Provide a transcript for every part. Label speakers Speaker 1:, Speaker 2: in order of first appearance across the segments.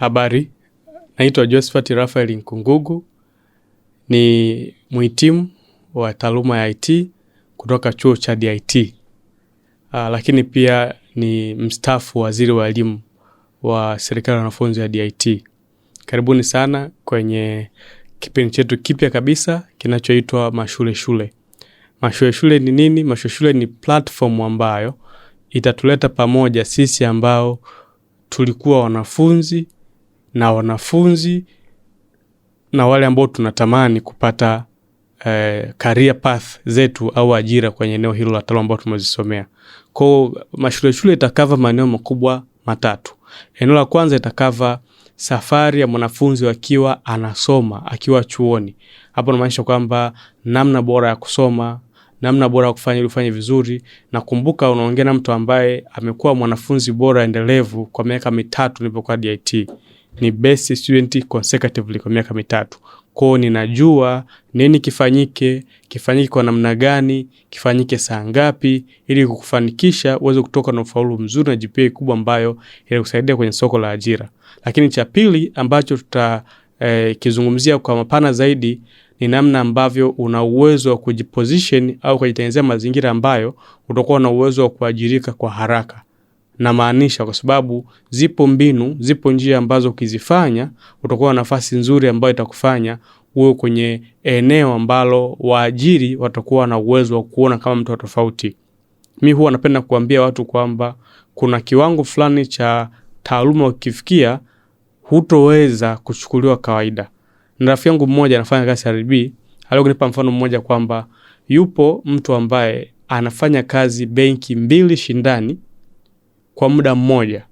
Speaker 1: Habari, naitwa Josphat Rafael Nkungugu, ni mhitimu wa taaluma ya IT kutoka chuo cha DIT, ah, lakini pia ni mstaafu waziri wa elimu wa serikali ya wanafunzi ya DIT. Karibuni sana kwenye kipindi chetu kipya kabisa kinachoitwa Mashule Shule. Mashule Shule ni nini? Mashule Shule ni platform ambayo itatuleta pamoja sisi ambao tulikuwa wanafunzi na wanafunzi na wale ambao tunatamani kupata eh, career path zetu au ajira kwenye eneo hilo la talo ambao tumezisomea. Kwao mashule shule itakava maeneo makubwa matatu. Eneo la kwanza itakava safari ya mwanafunzi akiwa anasoma akiwa chuoni. Hapo namaanisha kwamba namna bora ya kusoma namna bora ya kufanya ufanye vizuri. Na kumbuka, unaongea na mtu ambaye amekuwa mwanafunzi bora endelevu kwa miaka mitatu nilipokuwa DIT. mm-hmm ni best student consecutively kwa miaka mitatu kwao ninajua nini kifanyike, kifanyike kwa namna gani, kifanyike saa ngapi, ili kukufanikisha uweze kutoka na ufaulu mzuri na GPA kubwa ambayo inakusaidia kwenye soko la ajira. Lakini cha pili ambacho tutakizungumzia eh, kwa mapana zaidi ni namna ambavyo una uwezo wa kujiposition au kujitengenezea mazingira ambayo utakuwa na uwezo wa kuajirika kwa haraka namaanisha, kwa sababu zipo mbinu, zipo njia ambazo ukizifanya utakuwa nafasi nzuri ambayo itakufanya uwe kwenye eneo ambalo waajiri watakuwa na uwezo wa kuona kama mtu tofauti. Mi huwa napenda kuambia watu kwamba kuna kiwango fulani cha taaluma ukifikia hutoweza kuchukuliwa kawaida. Na rafiki yangu mmoja anafanya kazi RB, alikunipa mfano mmoja kwamba yupo mtu ambaye anafanya kazi benki mbili shindani, kwa muda mmoja.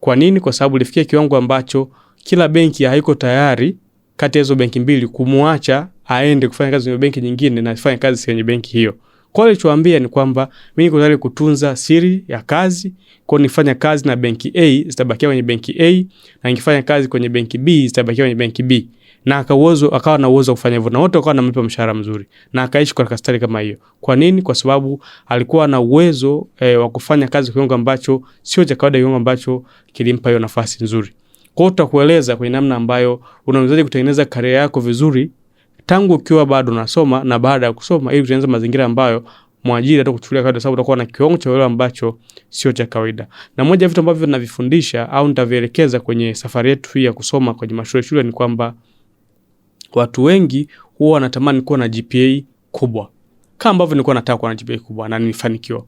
Speaker 1: Kwa nini? Kwa sababu ilifikia kiwango ambacho kila benki haiko tayari kati ya hizo benki mbili kumwacha aende kufanya kazi kwenye benki nyingine na afanye kazi kwenye benki hiyo. Kwa hiyo alichoambia ni kwamba mimi niko tayari kutunza siri ya kazi, kwa nifanya kazi na benki A zitabakia kwenye benki A na nikifanya kazi kwenye benki B zitabakia kwenye benki B na akauwezo akawa na uwezo wa kufanya hivyo, na wote wakawa wanamlipa mshahara mzuri na akaishi kwa kastari kama hiyo. Kwa nini? Kwa sababu alikuwa na uwezo e, wa kufanya kazi kwa kiwango ambacho sio cha kawaida, kiwango ambacho kilimpa hiyo nafasi nzuri. Kwa hiyo tutakueleza kwenye namna ambayo unawezaje kutengeneza karia yako vizuri tangu ukiwa bado unasoma na baada ya kusoma, ili kutengeneza mazingira ambayo mwajiri hata kuchukulia kawaida, sababu utakuwa na kiwango cha uelewa ambacho sio cha kawaida. Na moja ya vitu ambavyo ninavifundisha au nitavielekeza kwenye safari yetu hii ya kusoma kwenye mashule shule ni kwamba watu wengi huwa wanatamani kuwa na GPA kubwa kama ambavyo nilikuwa nataka kuwa na GPA kubwa na nifanikiwa,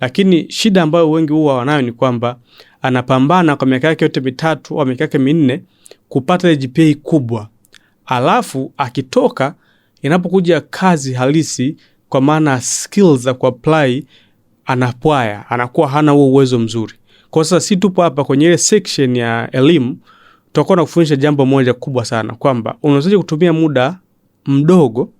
Speaker 1: lakini shida ambayo wengi huwa wanayo ni kwamba anapambana kwa miaka yake yote mitatu au miaka yake minne kupata ile GPA kubwa, alafu akitoka, inapokuja kazi halisi, kwa maana skills za kuapply, anapwaya, anakuwa hana huo uwezo mzuri. Kwa sasa si tupo hapa kwenye ile section ya elimu tutakuwa nakufundisha jambo moja kubwa sana kwamba unawezaji kutumia muda mdogo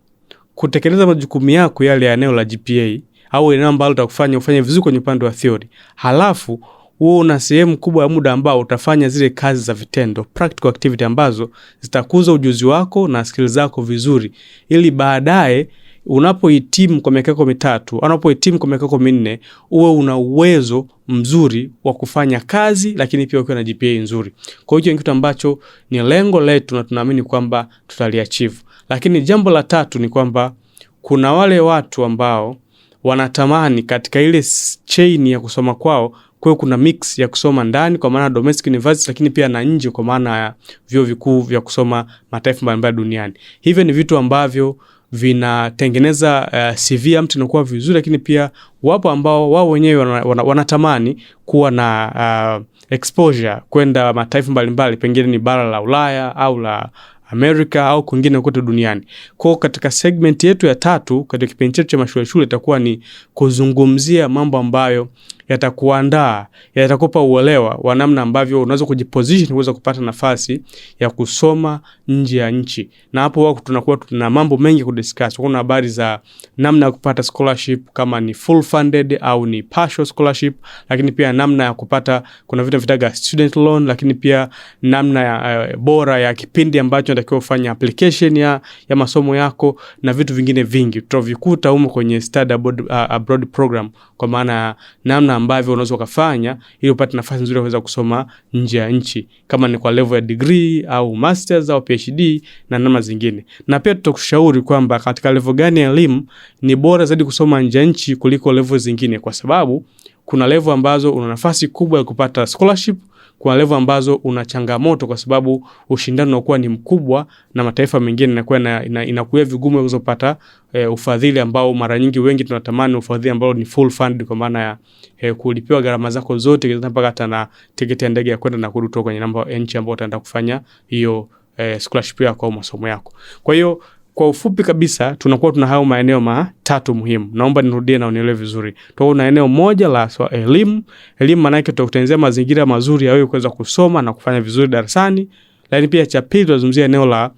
Speaker 1: kutekeleza majukumu yako yale ya eneo la GPA au eneo ambalo takufanya ufanye vizuri kwenye upande wa theory, halafu huo una sehemu kubwa ya muda ambao utafanya zile kazi za vitendo, practical activity, ambazo zitakuza ujuzi wako na skili zako vizuri, ili baadaye unapohitimu kwa miaka yako mitatu au unapohitimu kwa miaka yako minne, uwe una uwezo mzuri wa kufanya kazi, lakini pia ukiwa na GPA nzuri. Kwa hiyo ni kitu ambacho ni lengo letu na tunaamini kwamba tutaliachieve. Lakini jambo la tatu ni kwamba kuna wale watu ambao wanatamani katika ile chain ya kusoma kwao kwa kuna mix ya kusoma ndani kwa maana domestic university, lakini pia na nje kwa maana ya vyuo vikuu vya kusoma mataifa mbalimbali duniani. Hivyo ni vitu ambavyo vinatengeneza uh, eh, CV ya mtu inakuwa vizuri, lakini pia wapo ambao wao wenyewe wanatamani wana, wana kuwa na uh, exposure kwenda mataifa mbalimbali, pengine ni bara la Ulaya au la Amerika au kwingine kote duniani. Kwa katika segment yetu ya tatu katika kipindi chetu cha mashule shule itakuwa ni kuzungumzia mambo ambayo yatakuandaa, yatakupa uelewa wa namna ambavyo unaweza kujiposition kuweza kupata nafasi ya kusoma nje ya nchi, na hapo wako tunakuwa tuna mambo mengi kudiscuss. Kuna habari za namna ya kupata scholarship kama ni full funded au ni partial scholarship, lakini pia namna ya kupata, kuna vitu vitaga student loan, lakini pia namna ya, uh, bora ya kipindi ambacho unatakiwa kufanya application ya, ya masomo yako na vitu vingine vingi tutavikuta huko kwenye study abroad, uh, abroad program kwa maana namna namna ambavyo unaweza ukafanya ili upate nafasi nzuri ya kuweza kusoma nje ya nchi, kama ni kwa level ya degree au masters au PhD na namna zingine. Na pia tutakushauri kwamba katika level gani ya elimu ni bora zaidi kusoma nje ya nchi kuliko level zingine, kwa sababu kuna level ambazo una nafasi kubwa ya kupata scholarship kuna level ambazo una changamoto kwa sababu ushindani unakuwa ni mkubwa na mataifa mengine inakuwa ina, inakuwa vigumu kuzopata e, eh, ufadhili ambao mara nyingi wengi tunatamani ufadhili ambao ni full fund kwa maana ya e, kulipiwa gharama zako zote mpaka hata na tiketi ya ndege ya kwenda na kurudi kutoka kwenye namba nchi ambayo utaenda kufanya hiyo e, scholarship yako au masomo yako. Kwa hiyo kwa ufupi kabisa, tunakuwa tuna hayo maeneo matatu muhimu. Naomba nirudie na unielewe vizuri. una eneo moja la so, elimu. Elimu maana yake tutakutengenezea mazingira mazuri yawe kuweza kusoma na kufanya vizuri darasani, lakini pia cha pili tunazungumzia eneo la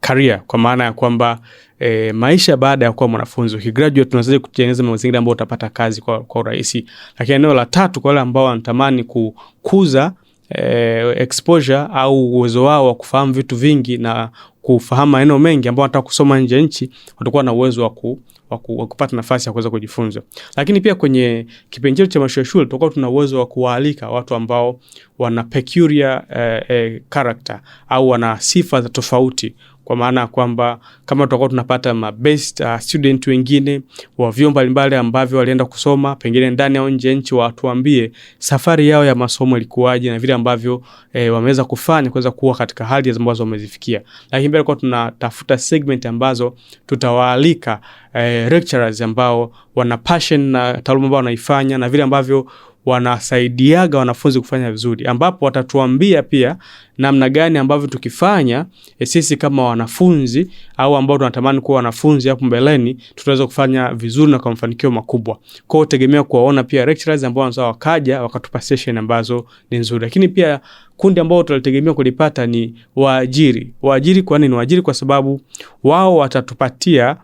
Speaker 1: karia kwa maana ya kwamba E, maisha baada ya kuwa mwanafunzi ukigraduate, tunaweza kutengeneza mazingira ambayo utapata kazi kwa, kwa urahisi. Lakini eneo la tatu kwa wale ambao wanatamani kukuza e, exposure au uwezo wao wa kufahamu vitu vingi na kufahamu maneno mengi ambao wanataka kusoma nje nchi watakuwa na uwezo wa kupata nafasi ya kuweza kujifunza. Lakini pia kwenye kipindi chetu cha mashuo ya Shule tutakuwa tuna uwezo wa kuwaalika watu ambao wana peculiar eh, eh, character au wana sifa za tofauti kwa maana ya kwamba kama tutakuwa tunapata mabest uh, student wengine wa vyuo mbalimbali ambavyo walienda kusoma pengine ndani au nje nchi, watuambie safari yao ya masomo ilikuwaje na vile ambavyo eh, wameweza kufanya kuweza kuwa katika hali ambazo wamezifikia. Lakini pia tunatafuta segment ambazo tutawaalika eh, lecturers ambao wana passion na taaluma ambao wanaifanya na vile ambavyo wanasaidiaga wanafunzi kufanya vizuri, ambapo watatuambia pia namna gani ambavyo tukifanya e, sisi kama wanafunzi au ambao tunatamani kuwa wanafunzi hapo mbeleni tutaweza kufanya vizuri na kwa mafanikio makubwa. Kwa hiyo tegemea kuwaona pia lecturers ambao wanaweza wakaja wakatupa session ambazo ni nzuri, lakini pia kundi ambao tunalitegemea kulipata ni waajiri. Waajiri kwa nini? Waajiri kwa sababu wao watatupatia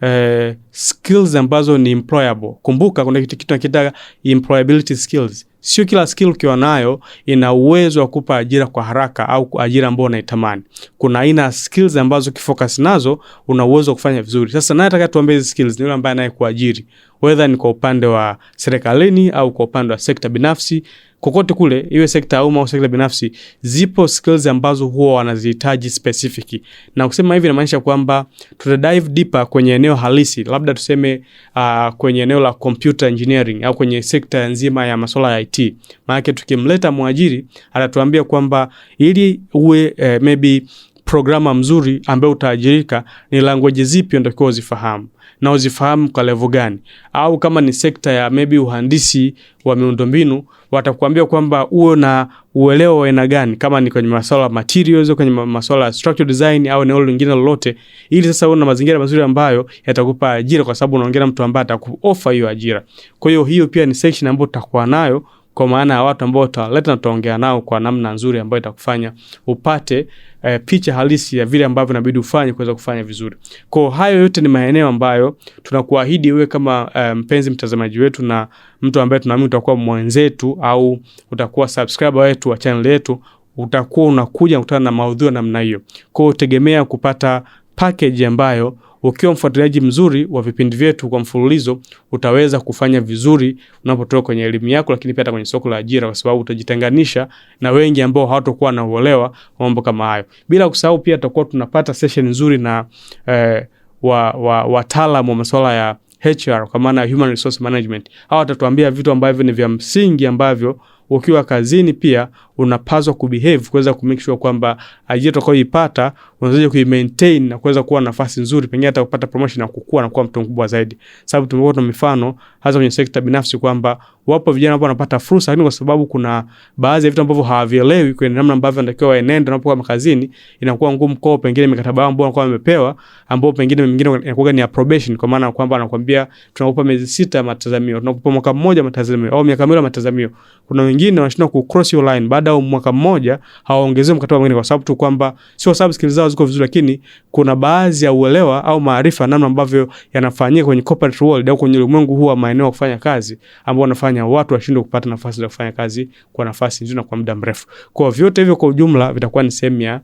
Speaker 1: eh, skills ambazo ni employable. Kumbuka kuna kitu kitu nakitaga employability skills Sio kila skill ukiwa nayo ina uwezo wa kupa ajira kwa haraka au ajira ambayo unaitamani. Kuna aina ya skills ambazo ukifocus nazo una uwezo wa kufanya vizuri. Sasa naye atakatuambia hizi skills ni yule ambaye anayekuajiri, whether ni kwa upande wa serikalini au kwa upande wa sekta binafsi kokote kule, iwe sekta ya umma au sekta binafsi, zipo skills ambazo huwa wanazihitaji specific. Na kusema hivi inamaanisha kwamba tuta dive deeper kwenye eneo halisi, labda tuseme uh, kwenye eneo la computer engineering au kwenye sekta nzima ya masuala ya IT kutii. Maana tukimleta mwajiri atatuambia kwamba ili uwe e, maybe programa mzuri ambayo utaajirika ni language zipi unatakiwa uzifahamu na uzifahamu kwa level gani, au kama ni sekta ya maybe uhandisi wa miundombinu watakuambia kwamba uwe na uelewa wa aina gani, kama ni kwenye masuala ya materials, kwenye masuala ya structure design au eneo lingine lolote, ili sasa uwe na mazingira mazuri ambayo yatakupa ajira, kwa sababu unaongea na mtu ambaye atakuofa hiyo ajira. Kwa hiyo hiyo pia ni section ambayo tutakuwa nayo kwa maana ya watu ambao utaleta na utaongea nao kwa namna nzuri ambayo itakufanya upate eh, picha halisi ya vile ambavyo inabidi ufanye kuweza kufanya vizuri. Kwa hayo yote ni maeneo ambayo tunakuahidi wewe kama eh, mpenzi um, mtazamaji wetu na mtu ambaye tunaamini utakuwa mwenzetu au utakuwa subscriber wetu wa channel yetu, utakuwa unakuja kukutana na maudhui ya namna hiyo. Kwa hiyo tegemea kupata package ambayo ukiwa mfuatiliaji mzuri wa vipindi vyetu kwa mfululizo, utaweza kufanya vizuri unapotoka kwenye elimu yako, lakini pia hata kwenye soko la ajira, kwa sababu utajitenganisha na wengi ambao hawatokuwa na uolewa mambo kama hayo. Bila kusahau pia tutakuwa tunapata session nzuri na eh, wataalamu wa, wa masuala ya HR kwa maana human resource management. Hawa watatuambia vitu ambavyo ni vya msingi ambavyo ukiwa kazini pia unapaswa kubehave kuweza kumake sure kwamba ajira utakayoipata unaweza kuimaintain na kuweza kuwa nafasi nzuri, pengine hata kupata promotion na kukua na kuwa mtu mkubwa zaidi. Sababu tumekuwa na mifano hasa kwenye sekta binafsi kwamba wapo vijana ambao wanapata fursa, lakini kwa sababu kuna baadhi ya vitu ambavyo hawavielewi kwenye namna ambavyo wanatakiwa waenende wanapokuwa makazini, inakuwa ngumu kwao, pengine mikataba yao ambao wanakuwa wamepewa, ambao pengine mingine inakuwa ni probation, kwa maana kwamba anakuambia tunakupa miezi sita matazamio, tunakupa mwaka mmoja matazamio, au miaka miwili matazamio. Kuna wengine wanashindwa ku cross your line baada baada ya mwaka mmoja hawaongezewe mkataba mwingine, kwa sababu tu kwamba sio kwa sababu skills zao ziko vizuri, lakini kuna baadhi ya uelewa au maarifa namna ambavyo yanafanyika kwenye corporate world au kwenye ulimwengu huu wa maeneo ya kufanya kazi ambao wanafanya watu washindwe kupata nafasi za kufanya kazi kwa nafasi nzuri na kwa muda mrefu. Kwa vyote hivyo kwa ujumla vitakuwa ni sehemu ya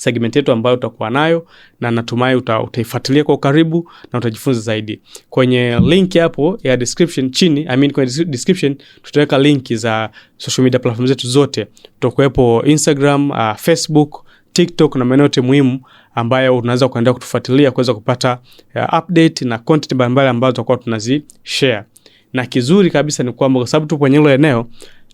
Speaker 1: segment yetu ambayo utakuwa nayo, na natumai uta, utaifuatilia kwa ukaribu na utajifunza zaidi. Kwenye link hapo ya description chini, I mean kwenye description tutaweka link za social media platform zetu zote, tutakuwepo Instagram, uh, Facebook TikTok na maeneo yote muhimu ambayo unaweza kuendelea kutufuatilia kuweza kupata uh, update na content mbalimbali ambazo tutakuwa tunazi share. Na kizuri kabisa ni kwamba kwa sababu tupo kwenye hilo eneo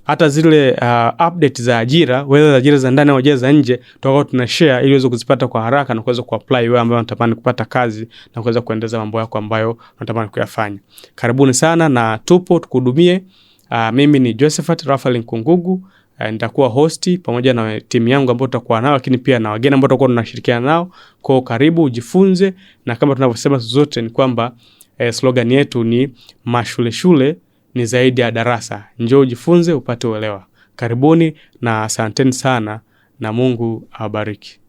Speaker 1: hata zile uh, update za ajira whether za ajira za ndani au ajira za nje, tutakuwa tuna share ili uweze kuzipata kwa haraka na kuweza kuapply wewe ambaye unatamani kupata kazi na kuweza kuendeleza mambo yako ambayo unatamani kuyafanya. Karibuni sana na tupo tukuhudumie. Uh, mimi ni Josephat Rafael Nkungugu. Uh, nitakuwa hosti pamoja na timu yangu ambayo tutakuwa nao, lakini pia na wageni ambao tutakuwa tunashirikiana nao. Kwa karibu ujifunze, na kama tunavyosema zote ni kwamba eh, slogan yetu ni mashule shule ni zaidi ya darasa. Njoo ujifunze upate uelewa. Karibuni na asanteni sana na Mungu awabariki.